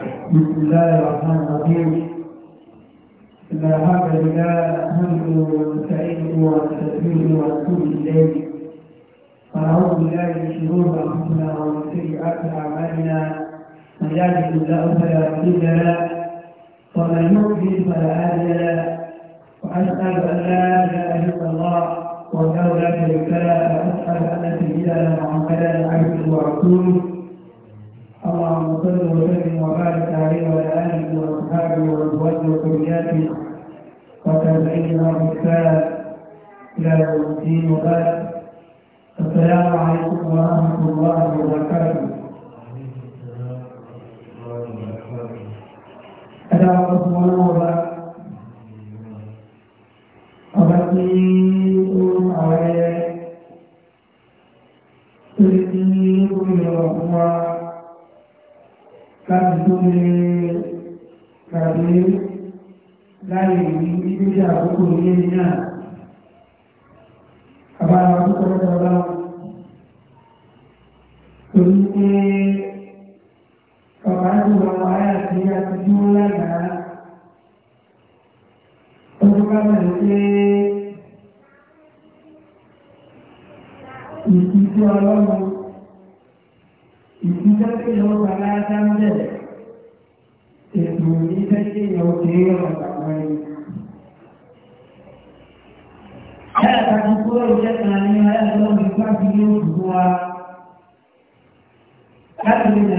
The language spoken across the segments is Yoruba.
بسم الله الرحمن الرحيم إن هذا لله الحمد ونستعينه ونستغفره ونتوب إليه ونعوذ بالله من شرور أنفسنا ومن سيئات أعمالنا من يهده الله فلا مضل له ومن يضلل فلا هادي له وأشهد أن لا إله إلا الله وحده لا شريك له وأشهد أن سيدنا محمدا عبده ورسوله وصل وسلم وبارك عليه وعلى اله واصحابه وازواجه وذرياته وتابعينا باحسان الى يوم الدين وبارك السلام عليكم ورحمه الله وبركاته أنا أقول الله أبدي عليه تريد أن kábíyé kàbí láyé ní ìdílé àkókò ilé náà àbára àkókò ọ̀dọ́lá torí pé ọ̀rọ̀ àjùmọ̀ àwọn ará àti àtijọ́ lánàá ọdún ọlọ́run nígbà tí yóò wà láàdá ètò nígbà tí yóò dé ọ̀rọ̀ àwọn ẹni. Ayà tàbí kúrò ìjẹ́ kan ní ayà tó ń bí pàtí yóò dùn wa. Láti lè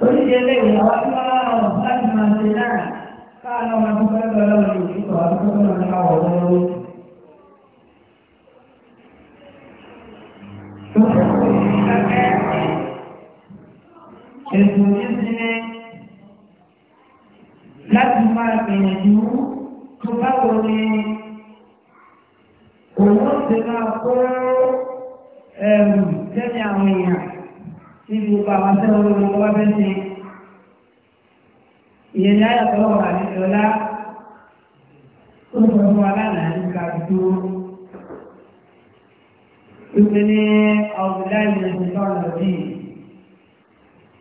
onídélé ìyàwó tí wọ́n máa rọ̀ láti máa ṣe náà káàlọ́ ní láti máa gbìyànjú tó báwo ni ti máa kó àwọn èèyàn. níbi gbogbo àwọn tẹ́lẹ̀ olórí wọn wá fẹ́ ṣe ìyẹn ní ayàtọ̀ lọ́wọ́ àti ọlá ó sọ fún wa lánàá nípa dúró ìpínlẹ̀ ọ̀gbìnláìlì ìṣẹ̀tọ́ lọ́dí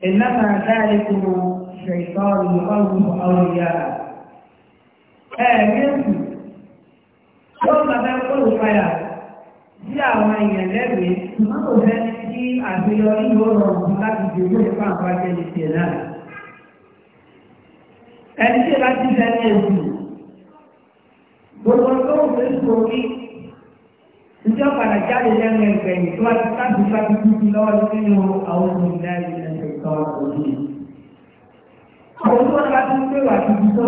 ìlànà dáre tó ṣẹ̀tọ́ ìlọ́rùn ọ̀rìyà ẹ̀ẹ́dẹ́gbù tó máa fẹ́ kó ìpayà sí àwọn èèyàn lẹ́rìí ṣùgbọ́n kò sẹ́ni tí àṣeyọrí yóò rọrùn láti dèrò ìfà àpájẹ́ ìṣẹ̀ náà. ẹni tí bá ti sẹ́ni èsì gbogbo tó ń fi sórí ìjọ padà jáde lẹ́nu ẹgbẹ̀yìn tó wá ti sáàbù sáàbù títí lọ́wọ́ nínú àwọn òmìnira ìrìnàjò ìtọ́ òbí. àwọn tó wá ti ń gbé wà tuntun tó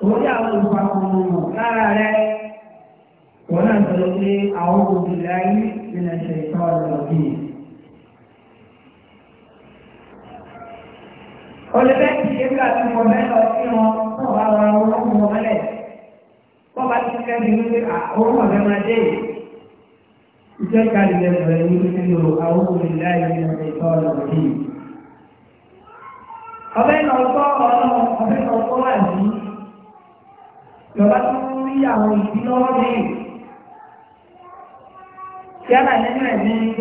torí àwọn ìfàkùnrin mọ̀ lára rẹ̀ wọ́n náà sọ pé àwọn òbílẹ̀ ayé ìrìnà ṣe ìtọ́ ọ̀rọ̀ bí i. olùfẹ́ ti ṣe bí àti mọ̀ mẹ́lọ sí wọn náà bá wọn àwọn ọmọ mẹ́lẹ̀ wọ́n bá ti fẹ́ mi wípé àwọn ọmọ mẹ́lẹ̀ máa dé ìjọ ìkàlì lẹ́nu rẹ̀ ní wípé lò àwọn òbílẹ̀ ayé ìrìnà ṣe ìtọ́ ọ̀rọ̀ bí i. ọbẹ̀ náà gbọ́ ọlọ́run ọbẹ̀ náà gbọ́ wà ní lọ́ba tó ń rí àwọn ìdílọ́wọ́ mi yálà nínú ẹ̀mí